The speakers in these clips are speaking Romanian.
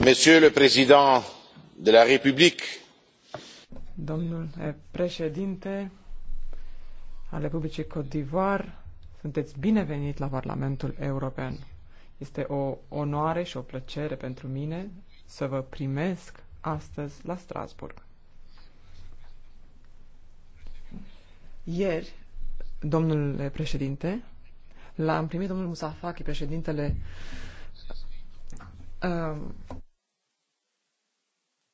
monsieur le président de la république domnule președinte al republicii cote d'ivoire sunteți binevenit la parlamentul european este o onoare și o plăcere pentru mine să vă primesc astăzi la strasbourg. Ieri, domnule președinte, l-am primit domnul Musafaki, președintele uh,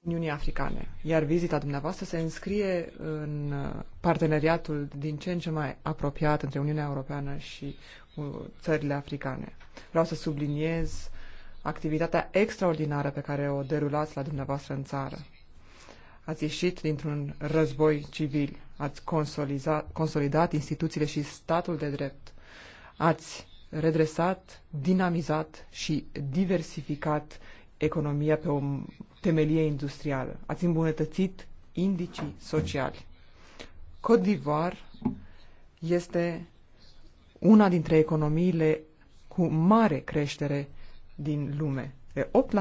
Uniunii Africane, iar vizita dumneavoastră se înscrie în uh, parteneriatul din ce în ce mai apropiat între Uniunea Europeană și uh, țările africane. Vreau să subliniez activitatea extraordinară pe care o derulați la dumneavoastră în țară. Ați ieșit dintr-un război civil, ați consolidat instituțiile și statul de drept, ați redresat, dinamizat și diversificat economia pe o temelie industrială. Ați îmbunătățit indicii sociali. Côte d'Ivoire este una dintre economiile cu mare creștere din lume.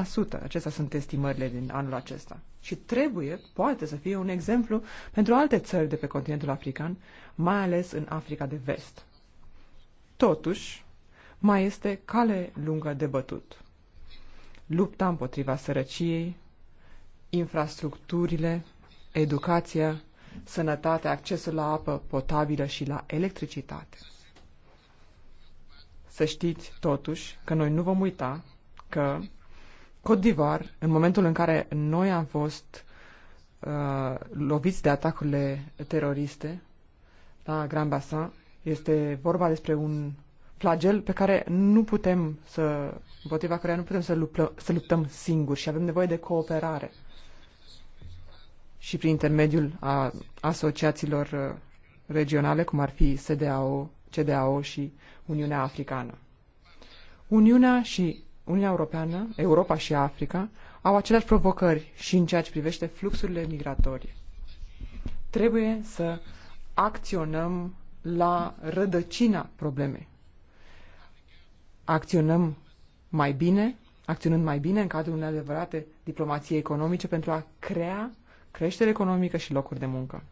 8%, acestea sunt estimările din anul acesta și trebuie, poate să fie un exemplu pentru alte țări de pe continentul african, mai ales în Africa de vest. Totuși, mai este cale lungă de bătut. Lupta împotriva sărăciei, infrastructurile, educația, sănătatea, accesul la apă potabilă și la electricitate. Să știți, totuși, că noi nu vom uita că d'Ivoire, în momentul în care noi am fost uh, loviți de atacurile teroriste la Grand Bassin, este vorba despre un flagel pe care nu putem să, împotriva căruia nu putem să, luplă, să luptăm singuri și avem nevoie de cooperare. Și prin intermediul a asociațiilor uh, regionale, cum ar fi CDAO, CDAO și Uniunea Africană. Uniunea și Uniunea Europeană, Europa și Africa au aceleași provocări și în ceea ce privește fluxurile migratorii. Trebuie să acționăm la rădăcina problemei. Acționăm mai bine, acționând mai bine în cadrul unei adevărate diplomații economice pentru a crea creștere economică și locuri de muncă.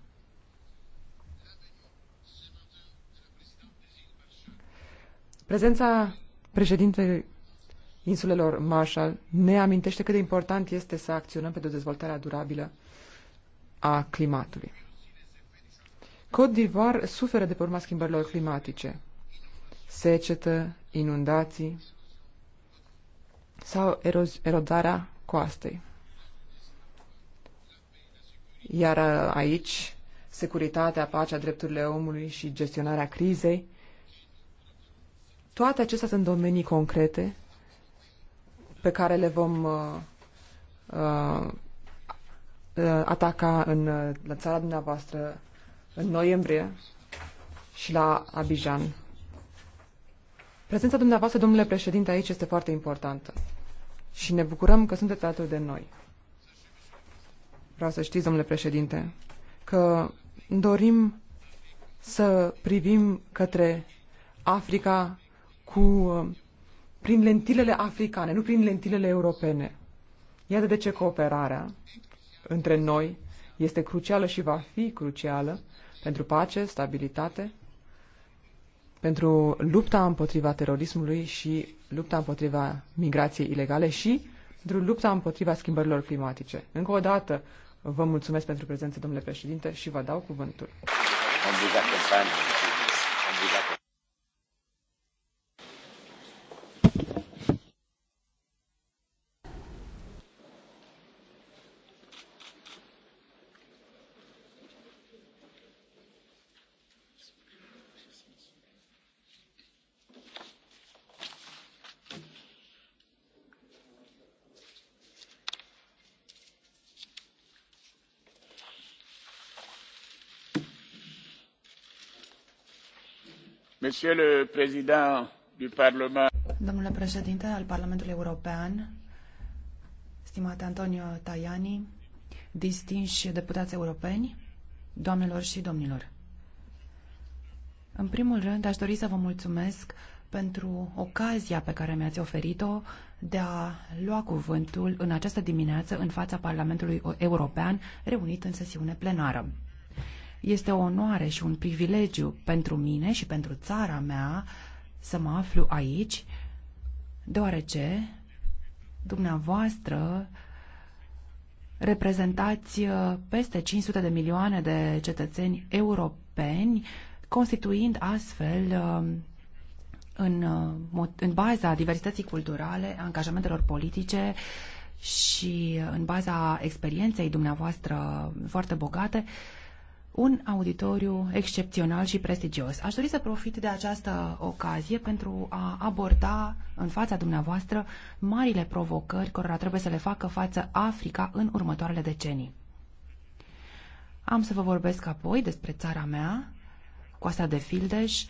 Prezența președintelui insulelor Marshall ne amintește cât de important este să acționăm pentru dezvoltarea durabilă a climatului. Côte d'Ivoire suferă de pe urma schimbărilor climatice. Secetă, inundații sau erodarea coastei. Iar uh, aici, securitatea, pacea, drepturile omului și gestionarea crizei, toate acestea sunt domenii concrete pe care le vom uh, uh, uh ataca în uh, la țara dumneavoastră în noiembrie și la Abidjan. Prezența dumneavoastră, domnule președinte, aici este foarte importantă și ne bucurăm că sunteți alături de noi. Vreau să știți, domnule președinte, că dorim să privim către Africa cu uh, prin lentilele africane, nu prin lentilele europene. Iată de ce cooperarea între noi este crucială și va fi crucială pentru pace, stabilitate, pentru lupta împotriva terorismului și lupta împotriva migrației ilegale și pentru lupta împotriva schimbărilor climatice. Încă o dată vă mulțumesc pentru prezență, domnule președinte, și vă dau cuvântul. Obrigado, Domnule președinte al Parlamentului European, stimate Antonio Tajani, distinși deputați europeni, doamnelor și domnilor. În primul rând, aș dori să vă mulțumesc pentru ocazia pe care mi-ați oferit-o de a lua cuvântul în această dimineață în fața Parlamentului European, reunit în sesiune plenară. Este o onoare și un privilegiu pentru mine și pentru țara mea să mă aflu aici, deoarece dumneavoastră reprezentați uh, peste 500 de milioane de cetățeni europeni, constituind astfel uh, în, uh, în baza diversității culturale, angajamentelor politice și în baza experienței dumneavoastră foarte bogate, un auditoriu excepțional și prestigios. Aș dori să profit de această ocazie pentru a aborda în fața dumneavoastră marile provocări cărora trebuie să le facă față Africa în următoarele decenii. Am să vă vorbesc apoi despre țara mea, Coasta de Fildeș,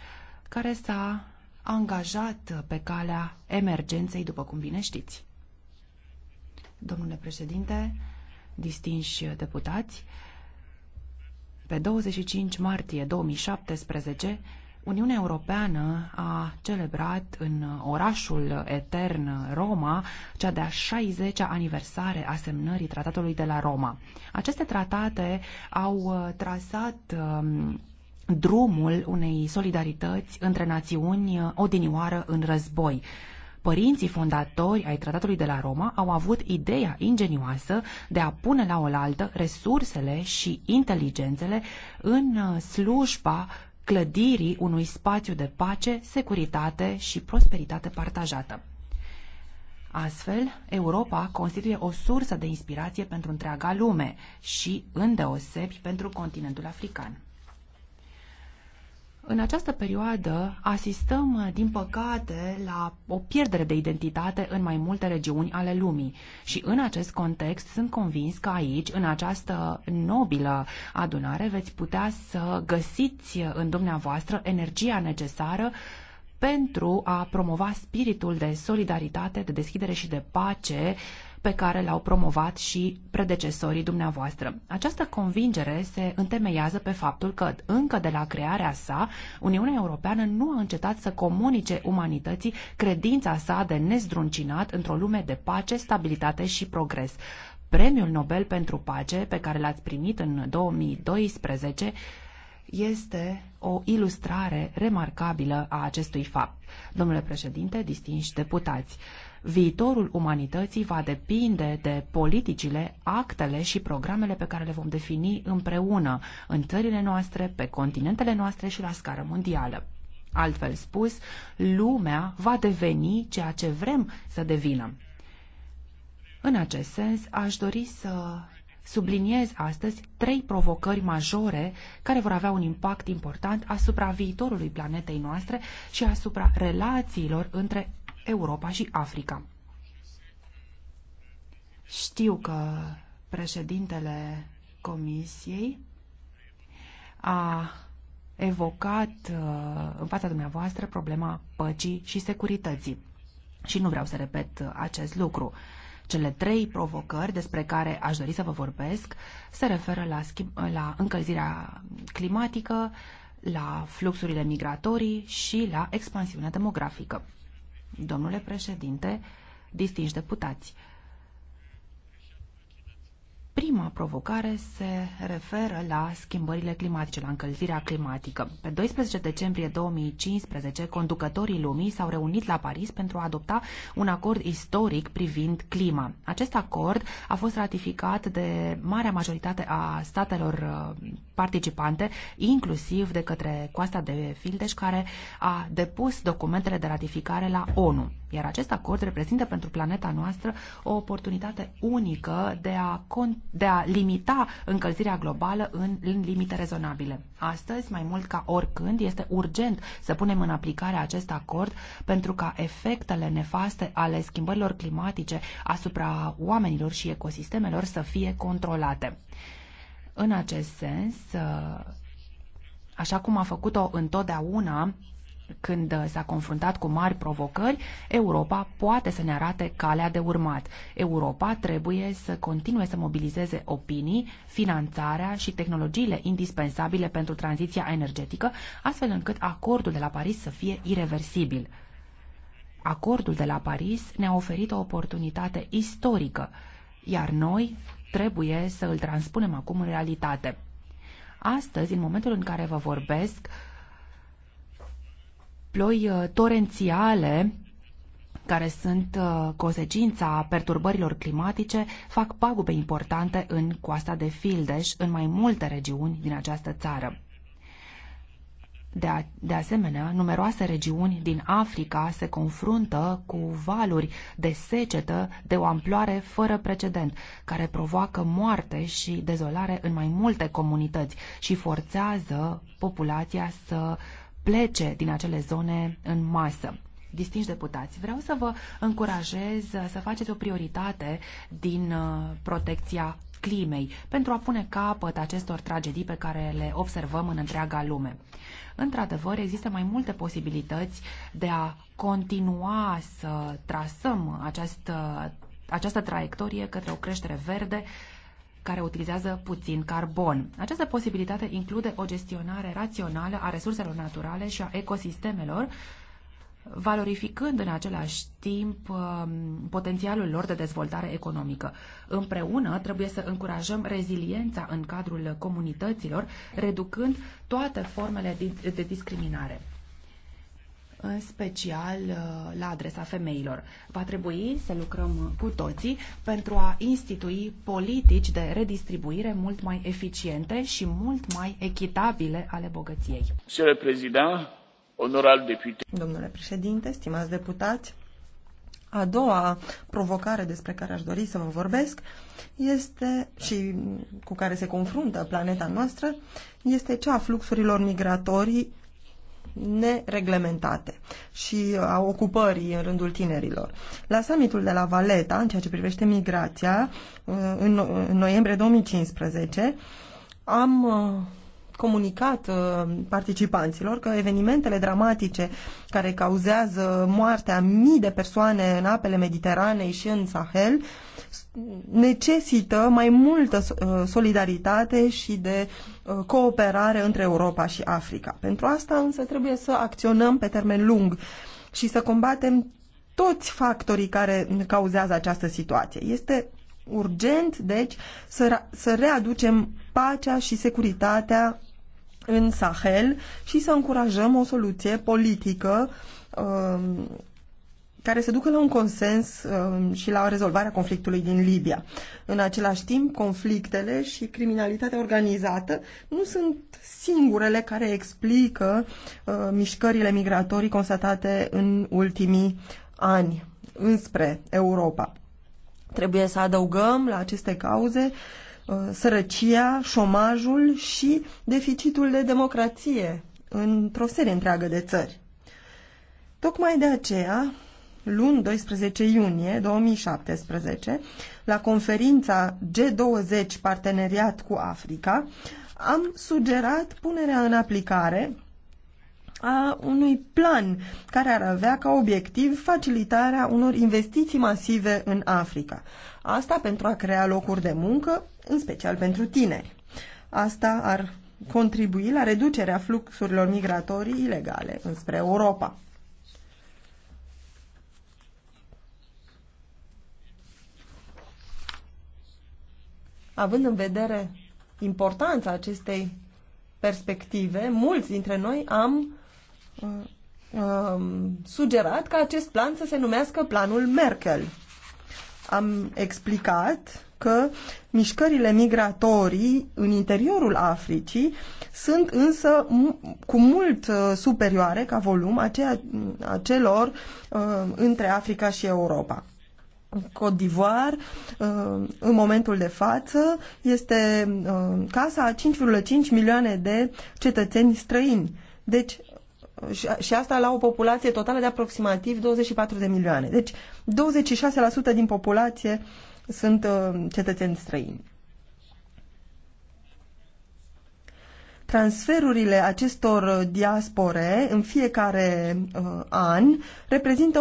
care s-a angajat pe calea emergenței, după cum bine știți. Domnule președinte, distinși deputați, pe 25 martie 2017, Uniunea Europeană a celebrat în orașul etern Roma cea de-a 60-a aniversare a semnării tratatului de la Roma. Aceste tratate au uh, trasat um, drumul unei solidarități între națiuni uh, odinioară în război Părinții fondatori ai Tratatului de la Roma au avut ideea ingenioasă de a pune la oaltă resursele și inteligențele în uh, slujba clădirii unui spațiu de pace, securitate și prosperitate partajată. Astfel, Europa constituie o sursă de inspirație pentru întreaga lume și, îndeosebi, pentru continentul african. În această perioadă asistăm, din păcate, la o pierdere de identitate în mai multe regiuni ale lumii și în acest context sunt convins că aici, în această nobilă adunare, veți putea să găsiți în dumneavoastră energia necesară pentru a promova spiritul de solidaritate, de deschidere și de pace pe care l-au promovat și predecesorii dumneavoastră. Această convingere se întemeiază pe faptul că încă de la crearea sa, Uniunea Europeană nu a încetat să comunice umanității credința sa de nezdruncinat într-o lume de pace, stabilitate și progres. Premiul Nobel pentru pace pe care l-ați primit în 2012 este o ilustrare remarcabilă a acestui fapt. Domnule președinte, distinși deputați, Viitorul umanității va depinde de politicile, actele și programele pe care le vom defini împreună în țările noastre, pe continentele noastre și la scară mondială. Altfel spus, lumea va deveni ceea ce vrem să devină. În acest sens, aș dori să subliniez astăzi trei provocări majore care vor avea un impact important asupra viitorului planetei noastre și asupra relațiilor între Europa și Africa. Știu că președintele Comisiei a evocat uh, în fața dumneavoastră problema păcii și securității. Și nu vreau să repet uh, acest lucru. Cele trei provocări despre care aș dori să vă vorbesc se referă la, schimb, la încălzirea climatică, la fluxurile migratorii și la expansiunea demografică. Domnule președinte, distinși deputați, Prima provocare se referă la schimbările climatice, la încălzirea climatică. Pe 12 decembrie 2015, conducătorii lumii s-au reunit la Paris pentru a adopta un acord istoric privind clima. Acest acord a fost ratificat de marea majoritate a statelor uh, participante, inclusiv de către Coasta de Fildeș, care a depus documentele de ratificare la ONU. Iar acest acord reprezintă pentru planeta noastră o oportunitate unică de a, de a limita încălzirea globală în, în limite rezonabile. Astăzi, mai mult ca oricând, este urgent să punem în aplicare acest acord pentru ca efectele nefaste ale schimbărilor climatice asupra oamenilor și ecosistemelor să fie controlate. În acest sens, uh, așa cum a făcut-o întotdeauna când s-a confruntat cu mari provocări, Europa poate să ne arate calea de urmat. Europa trebuie să continue să mobilizeze opinii, finanțarea și tehnologiile indispensabile pentru tranziția energetică, astfel încât acordul de la Paris să fie irreversibil. Acordul de la Paris ne-a oferit o oportunitate istorică, iar noi trebuie să îl transpunem acum în realitate. Astăzi, în momentul în care vă vorbesc, ploi uh, torențiale care sunt uh, consecința perturbărilor climatice, fac pagube importante în coasta de Fildeș, în mai multe regiuni din această țară. De, a, de asemenea, numeroase regiuni din Africa se confruntă cu valuri de secetă de o amploare fără precedent, care provoacă moarte și dezolare în mai multe comunități și forțează populația să plece din acele zone în masă. Distinși deputați, vreau să vă încurajez să faceți o prioritate din uh, protecția climei pentru a pune capăt acestor tragedii pe care le observăm în întreaga lume. Într-adevăr, există mai multe posibilități de a continua să trasăm această, această traiectorie către o creștere verde care utilizează puțin carbon. Această posibilitate include o gestionare rațională a resurselor naturale și a ecosistemelor, valorificând în același timp um, potențialul lor de dezvoltare economică. Împreună trebuie să încurajăm reziliența în cadrul comunităților, reducând toate formele de discriminare în special uh, la adresa femeilor. Va trebui să lucrăm cu toții pentru a institui politici de redistribuire mult mai eficiente și mult mai echitabile ale bogăției. Domnule președinte, stimați deputați, a doua provocare despre care aș dori să vă vorbesc este și cu care se confruntă planeta noastră este cea a fluxurilor migratorii nereglementate și uh, a ocupării în rândul tinerilor. La summitul de la Valeta, în ceea ce privește migrația, uh, în noiembrie 2015, am uh, comunicat uh, participanților că evenimentele dramatice care cauzează moartea mii de persoane în apele Mediteranei și în Sahel necesită mai multă uh, solidaritate și de uh, cooperare între Europa și Africa. Pentru asta însă trebuie să acționăm pe termen lung și să combatem toți factorii care cauzează această situație. Este urgent, deci, să, să readucem pacea și securitatea în Sahel și să încurajăm o soluție politică um, care să ducă la un consens um, și la rezolvarea conflictului din Libia. În același timp, conflictele și criminalitatea organizată nu sunt singurele care explică uh, mișcările migratorii constatate în ultimii ani înspre Europa. Trebuie să adăugăm la aceste cauze Uh, sărăcia, șomajul și deficitul de democrație într-o serie întreagă de țări. Tocmai de aceea, luni 12 iunie 2017, la conferința G20 Parteneriat cu Africa, am sugerat punerea în aplicare a unui plan care ar avea ca obiectiv facilitarea unor investiții masive în Africa. Asta pentru a crea locuri de muncă, în special pentru tineri. Asta ar contribui la reducerea fluxurilor migratorii ilegale înspre Europa. Având în vedere importanța acestei perspective, mulți dintre noi am Uh, um, sugerat ca acest plan să se numească planul Merkel. Am explicat că mișcările migratorii în interiorul Africii sunt însă cu mult uh, superioare ca volum a celor uh, între Africa și Europa. Côte d'Ivoire, uh, în momentul de față, este casa a 5,5 milioane de cetățeni străini. Deci, și, și asta la o populație totală de aproximativ 24 de milioane. Deci 26% din populație sunt uh, cetățeni străini. Transferurile acestor uh, diaspore în fiecare uh, an reprezintă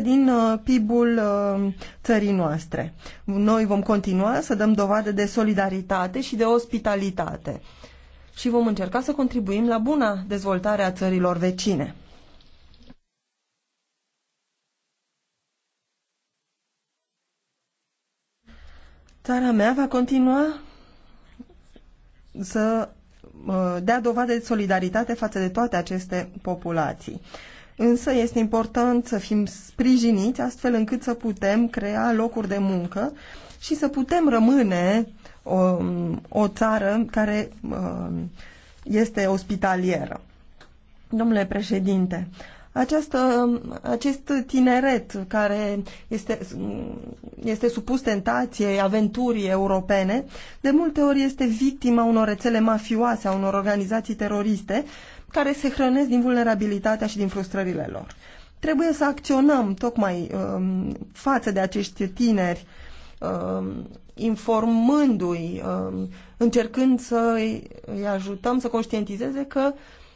1% din uh, PIB-ul uh, țării noastre. Noi vom continua să dăm dovadă de solidaritate și de ospitalitate și vom încerca să contribuim la buna dezvoltare a țărilor vecine. Țara mea va continua să uh, dea dovadă de solidaritate față de toate aceste populații. Însă este important să fim sprijiniți astfel încât să putem crea locuri de muncă și să putem rămâne o, um, o țară care um, este ospitalieră. Domnule președinte, această, acest tineret care este, este supus tentației aventurii europene, de multe ori este victima unor rețele mafioase, a unor organizații teroriste care se hrănesc din vulnerabilitatea și din frustrările lor. Trebuie să acționăm tocmai um, față de acești tineri, um, informându-i, um, încercând să îi ajutăm să conștientizeze că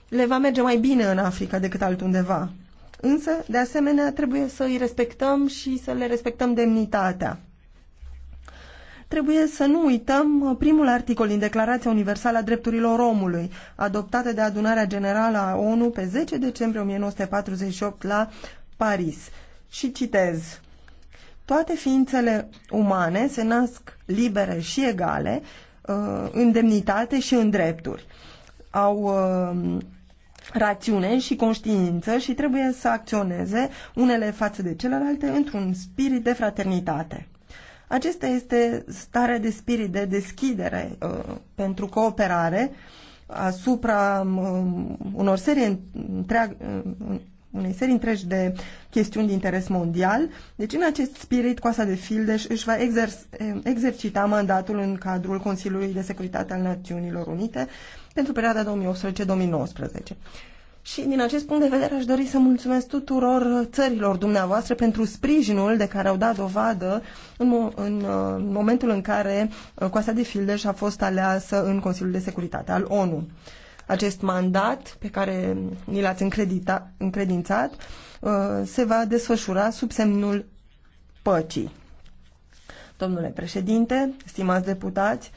le va merge mai bine în Africa decât altundeva. Însă, de asemenea, trebuie să îi respectăm și să le respectăm demnitatea trebuie să nu uităm uh, primul articol din Declarația Universală a Drepturilor Omului, adoptată de Adunarea Generală a ONU pe 10 decembrie 1948 la Paris. Și citez. Toate ființele umane se nasc libere și egale, uh, în demnitate și în drepturi. Au uh, rațiune și conștiință și trebuie să acționeze unele față de celelalte într-un spirit de fraternitate. Acesta este starea de spirit, de deschidere uh, pentru cooperare asupra um, unor serii întreag, uh, unei serii întregi de chestiuni de interes mondial. Deci, în acest spirit, Coasa de Fildeș își va exer- uh, exercita mandatul în cadrul Consiliului de Securitate al Națiunilor Unite pentru perioada 2018-2019. Și din acest punct de vedere aș dori să mulțumesc tuturor țărilor dumneavoastră pentru sprijinul de care au dat dovadă în, în, în uh, momentul în care uh, Coasa de Fildeș a fost aleasă în Consiliul de Securitate al ONU. Acest mandat pe care ni l-ați încredințat uh, se va desfășura sub semnul păcii. Domnule președinte, stimați deputați,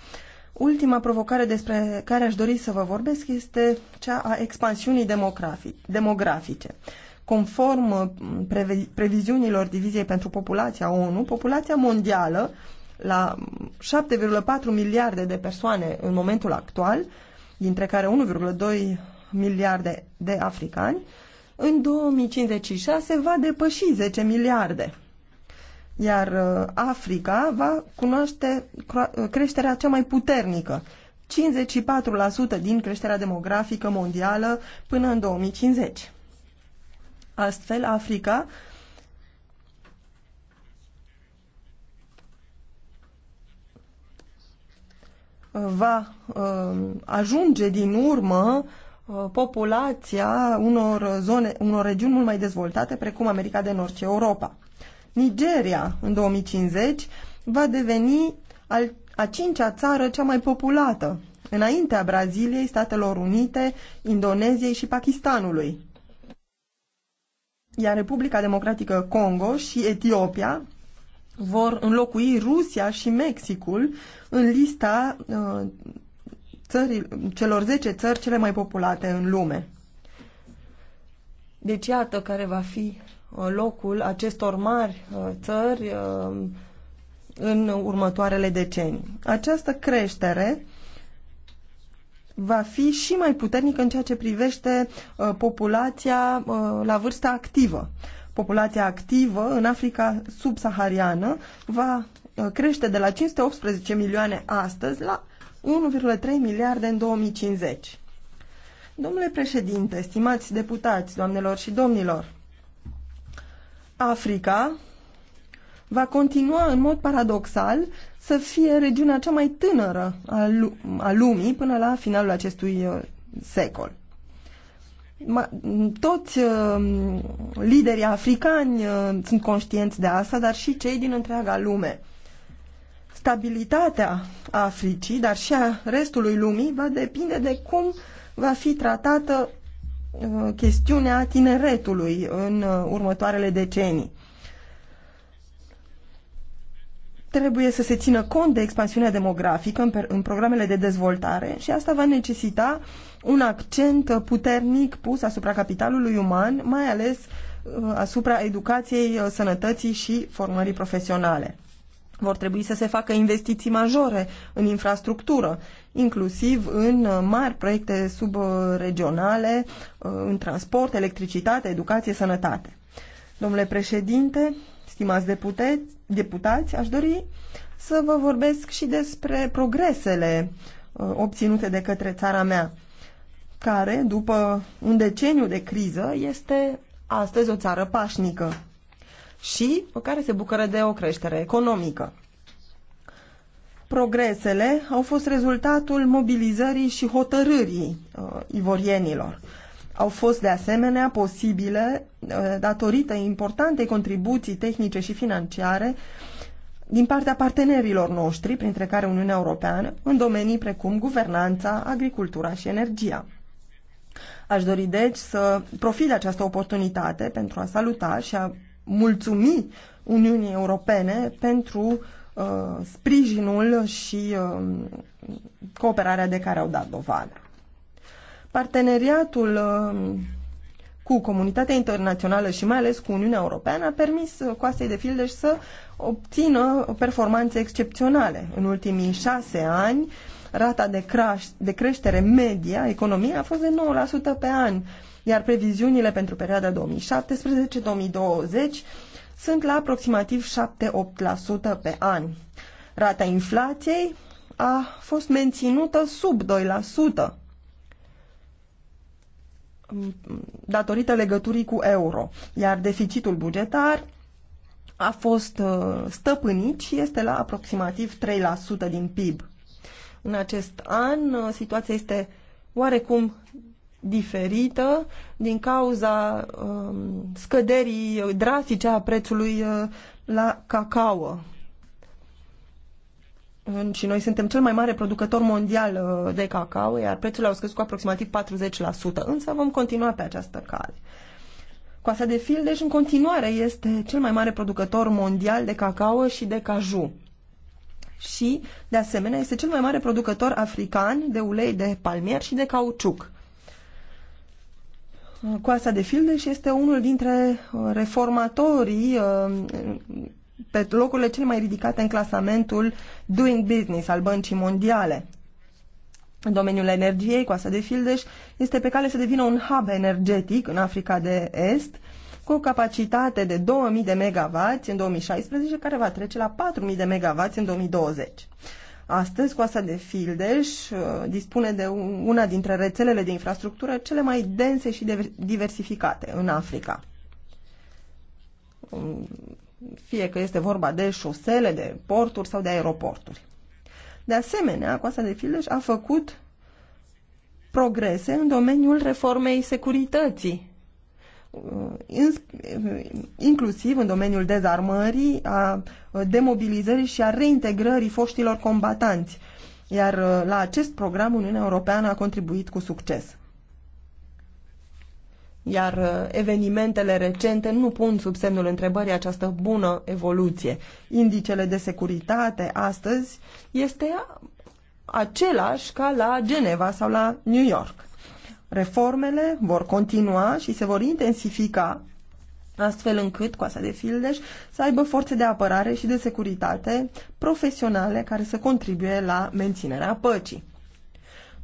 Ultima provocare despre care aș dori să vă vorbesc este cea a expansiunii demografice. Conform uh, previziunilor Diviziei pentru Populația ONU, populația mondială la 7,4 miliarde de persoane în momentul actual, dintre care 1,2 miliarde de africani, în 2056 va depăși 10 miliarde iar uh, Africa va cunoaște uh, creșterea cea mai puternică, 54% din creșterea demografică mondială până în 2050. Astfel, Africa va uh, ajunge din urmă populația unor zone, unor regiuni mult mai dezvoltate, precum America de Nord și Europa. Nigeria, în 2050, va deveni al, a cincea țară cea mai populată, înaintea Braziliei, Statelor Unite, Indoneziei și Pakistanului. Iar Republica Democratică Congo și Etiopia vor înlocui Rusia și Mexicul în lista uh, țării, celor 10 țări cele mai populate în lume. Deci iată care va fi Uh, locul acestor mari uh, țări uh, în următoarele decenii. Această creștere va fi și mai puternică în ceea ce privește populația la vârsta activă. Populația activă în Africa subsahariană va crește de la 518 milioane astăzi la 1,3 miliarde în 2050. Domnule președinte, stimați deputați, doamnelor și domnilor, Africa va continua în mod paradoxal să fie regiunea cea mai tânără a lumii până la finalul acestui uh, secol. Toți uh, liderii africani uh, sunt conștienți de asta, dar și cei din întreaga lume. Stabilitatea Africii, dar și a restului lumii, va depinde de cum va fi tratată Uh, chestiunea tineretului în uh, următoarele decenii. Trebuie să se țină cont de expansiunea demografică în, în programele de dezvoltare și asta va necesita un accent uh, puternic pus asupra capitalului uman, mai ales asupra educației, sănătății și formării profesionale. Vor trebui să se facă investiții majore în infrastructură, inclusiv în uh, mari proiecte subregionale, uh, în transport, electricitate, educație, sănătate. Domnule președinte, stimați deputați, aș dori să vă vorbesc și despre progresele uh, obținute de către țara mea, care, după un deceniu de criză, este astăzi o țară pașnică și care se bucură de o creștere economică. Progresele au fost rezultatul mobilizării și hotărârii uh, ivorienilor. Au fost de asemenea posibile uh, datorită importantei contribuții tehnice și financiare din partea partenerilor noștri, printre care Uniunea Europeană, în domenii precum guvernanța, agricultura și energia. Aș dori deci să profit această oportunitate pentru a saluta și a mulțumi Uniunii Europene pentru uh, sprijinul și uh, cooperarea de care au dat dovadă. Parteneriatul uh, cu comunitatea internațională și mai ales cu Uniunea Europeană a permis uh, Coastei de Fildeș să obțină performanțe excepționale. În ultimii șase ani, rata de, creș- de creștere a economiei a fost de 9% pe an iar previziunile pentru perioada 2017-2020 sunt la aproximativ 7-8% pe an. Rata inflației a fost menținută sub 2% datorită legăturii cu euro, iar deficitul bugetar a fost uh, stăpânit și este la aproximativ 3% din PIB. În acest an uh, situația este oarecum diferită din cauza um, scăderii drastice a prețului uh, la cacao. Și noi suntem cel mai mare producător mondial uh, de cacao, iar prețurile au scăzut cu aproximativ 40%, însă vom continua pe această cale. Coasa de Fildeș deci, în continuare este cel mai mare producător mondial de cacao și de caju. Și, de asemenea, este cel mai mare producător african de ulei de palmier și de cauciuc. Uh, coasa de Fildeș este unul dintre uh, reformatorii uh, pe locurile cele mai ridicate în clasamentul Doing Business al Băncii Mondiale. În domeniul energiei, Coasa de Fildeș este pe cale să devină un hub energetic în Africa de Est, cu o capacitate de 2000 de MW în 2016, care va trece la 4000 de MW în 2020. Astăzi, coasta de Fildeș uh, dispune de una dintre rețelele de infrastructură cele mai dense și diversificate în Africa. Um, fie că este vorba de șosele, de porturi sau de aeroporturi. De asemenea, Coasa de Fildeș a făcut progrese în domeniul reformei securității inclusiv în domeniul dezarmării, a demobilizării și a reintegrării foștilor combatanți. Iar la acest program Uniunea Europeană a contribuit cu succes. Iar evenimentele recente nu pun sub semnul întrebării această bună evoluție. Indicele de securitate astăzi este același ca la Geneva sau la New York. Reformele vor continua și se vor intensifica astfel încât Coasa de Fildeș să aibă forțe de apărare și de securitate profesionale care să contribuie la menținerea păcii.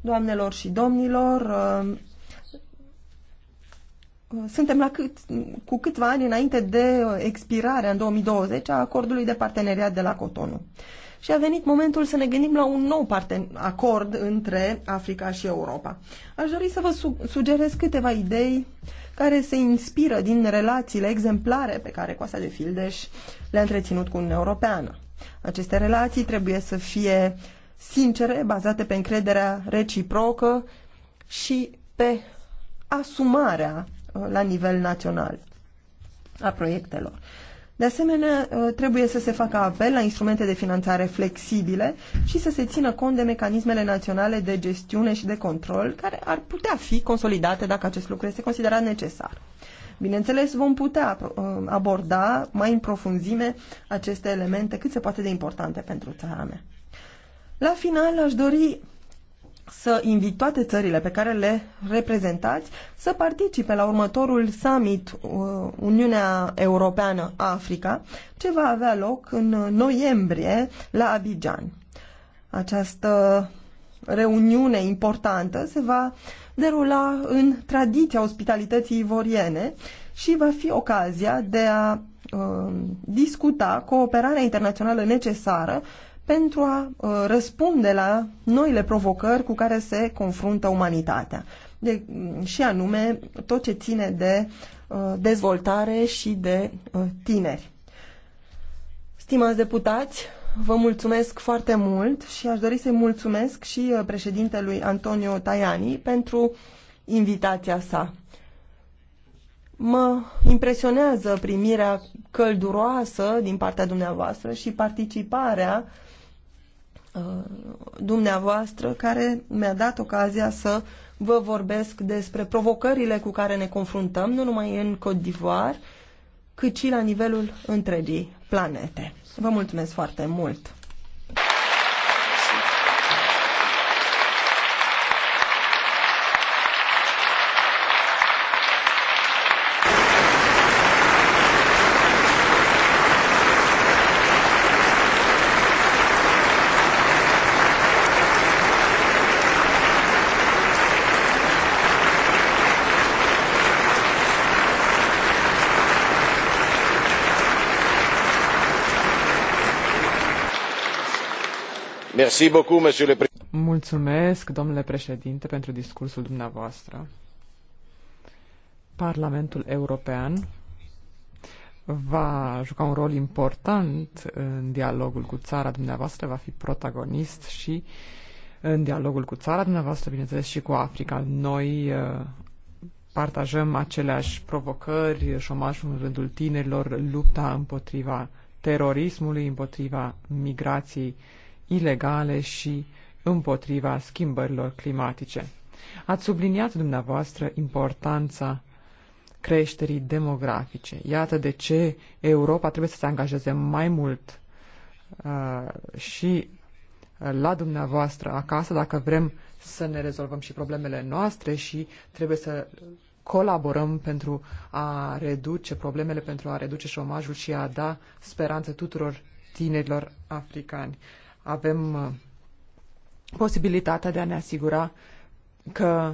Doamnelor și domnilor, uh, suntem la cât, cu câțiva ani înainte de expirarea în 2020 a acordului de parteneriat de la Cotonou și a venit momentul să ne gândim la un nou parten- acord între Africa și Europa. Aș dori să vă su- sugerez câteva idei care se inspiră din relațiile exemplare pe care Coasa de Fildeș le-a întreținut cu Uniunea Europeană. Aceste relații trebuie să fie sincere, bazate pe încrederea reciprocă și pe asumarea uh, la nivel național a proiectelor. De asemenea, ă, trebuie să se facă apel la instrumente de finanțare flexibile și să se țină cont de mecanismele naționale de gestiune și de control care ar putea fi consolidate dacă acest lucru este considerat necesar. Bineînțeles, vom putea ă, aborda mai în profunzime aceste elemente cât se poate de importante pentru țara mea. La final, aș dori să invit toate țările pe care le reprezentați să participe la următorul summit uh, Uniunea Europeană-Africa, ce va avea loc în uh, noiembrie la Abidjan. Această reuniune importantă se va derula în tradiția ospitalității ivoriene și va fi ocazia de a uh, discuta cooperarea internațională necesară pentru a uh, răspunde la noile provocări cu care se confruntă umanitatea. De, mm, și anume tot ce ține de uh, dezvoltare și de uh, tineri. Stimați deputați, vă mulțumesc foarte mult și aș dori să-i mulțumesc și președintelui Antonio Tajani pentru invitația sa. Mă impresionează primirea călduroasă din partea dumneavoastră și participarea Uh, dumneavoastră care mi-a dat ocazia să vă vorbesc despre provocările cu care ne confruntăm, nu numai în Côte d'Ivoire, cât și la nivelul întregii planete. Vă mulțumesc foarte mult! Mulțumesc, domnule președinte, pentru discursul dumneavoastră. Parlamentul European va juca un rol important în dialogul cu țara dumneavoastră, va fi protagonist și în dialogul cu țara dumneavoastră, bineînțeles, și cu Africa. Noi uh, partajăm aceleași provocări, șomajul în rândul tinerilor, lupta împotriva terorismului, împotriva migrației ilegale și împotriva schimbărilor climatice. Ați subliniat dumneavoastră importanța creșterii demografice. Iată de ce Europa trebuie să se angajeze mai mult uh, și uh, la dumneavoastră acasă dacă vrem să ne rezolvăm și problemele noastre și trebuie să colaborăm pentru a reduce problemele, pentru a reduce șomajul și a da speranță tuturor tinerilor africani avem uh, posibilitatea de a ne asigura că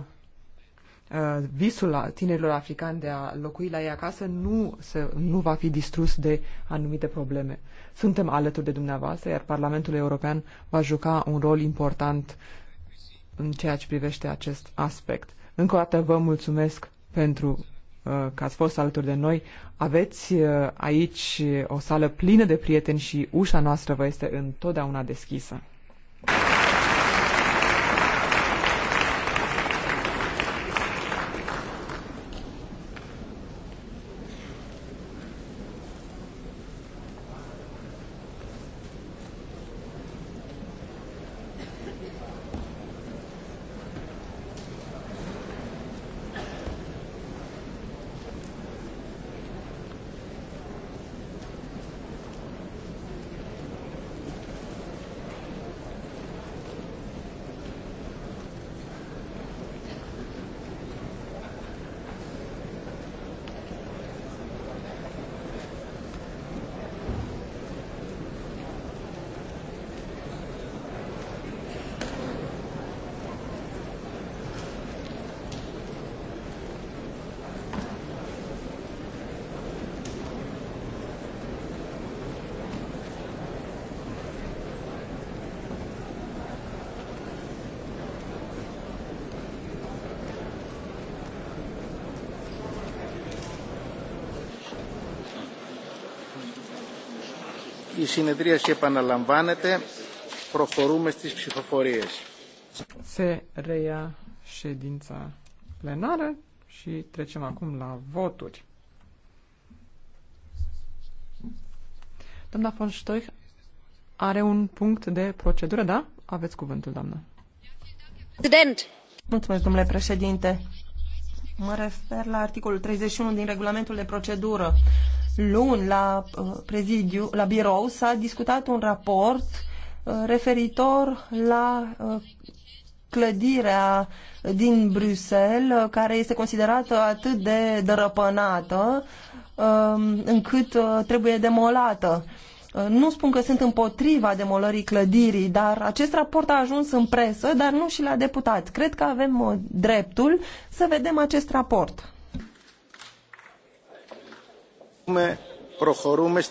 uh, visul tinerilor africani de a locui la ei acasă nu, se, nu va fi distrus de anumite probleme. Suntem alături de dumneavoastră, iar Parlamentul European va juca un rol important în ceea ce privește acest aspect. Încă o dată vă mulțumesc pentru Uh, că ați fost alături de noi. Aveți uh, aici o sală plină de prieteni și ușa noastră vă este întotdeauna deschisă. συνεδρίαση επαναλαμβάνεται. Προχωρούμε στις ψηφοφορίες. Se reia ședința plenară și trecem acum la voturi. Doamna von Stoich are un punct de procedură, da? Aveți cuvântul, doamnă. Student. Mulțumesc, domnule președinte. Mă refer la articolul 31 din regulamentul de procedură luni la uh, prezidiu, la birou, s-a discutat un raport uh, referitor la uh, clădirea din Bruxelles, care este considerată atât de dărăpănată, um, încât trebuie demolată. Nu spun că sunt împotriva demolării clădirii, dar acest raport a ajuns în presă, dar nu și la deputat. Cred că avem dreptul să vedem acest raport προχωρούμε